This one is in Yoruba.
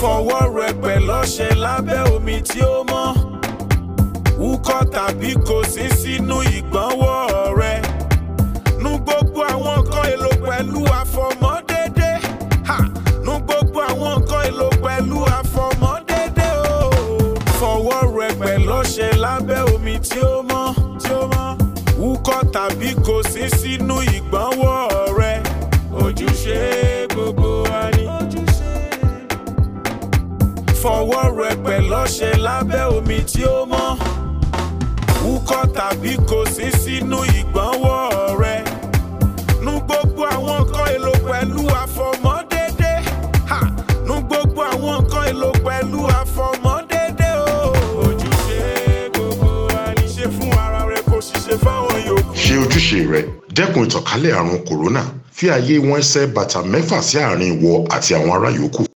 fọwọ́ rẹpẹ̀ lọ́ṣẹ lábẹ́ omi tí ó mọ́ wúkọ́ tàbí kò sí sínú ìgbọ́nwọ́ rẹ nu gbogbo àwọn nǹkan èlò pẹ̀lú àfọmọ́dédé nu gbogbo àwọn nǹkan èlò pẹ̀lú àfọmọ́dédé o fọwọ́ rẹpẹ̀ lọ́ṣẹ lábẹ́ omi tí ó mọ́ wúkọ́ tàbí kò sí sínú ìgbọ́nwọ́ rẹ. fọwọ́ rẹpẹ̀ lọ́ṣẹ lábẹ́ omi tí ó mọ́ wúkọ́ tàbí kò sí sínú ìgbọ̀nwọ́ rẹ nu gbogbo àwọn nǹkan èlò pẹ̀lú àfọmọ́dédé nu gbogbo àwọn nǹkan èlò pẹ̀lú àfọmọ́dédé ojúṣe gbogbo ẹni fún ara rẹ kò sì ṣe fáwọn yòókù. ṣe ojúṣe rẹ dẹ́kun ìtànkálẹ̀ àrùn kòrónà fi ààyè wọn ẹsẹ̀ bàtà mẹ́fà sí àárín ìwọ àti àwọn ará yòókù.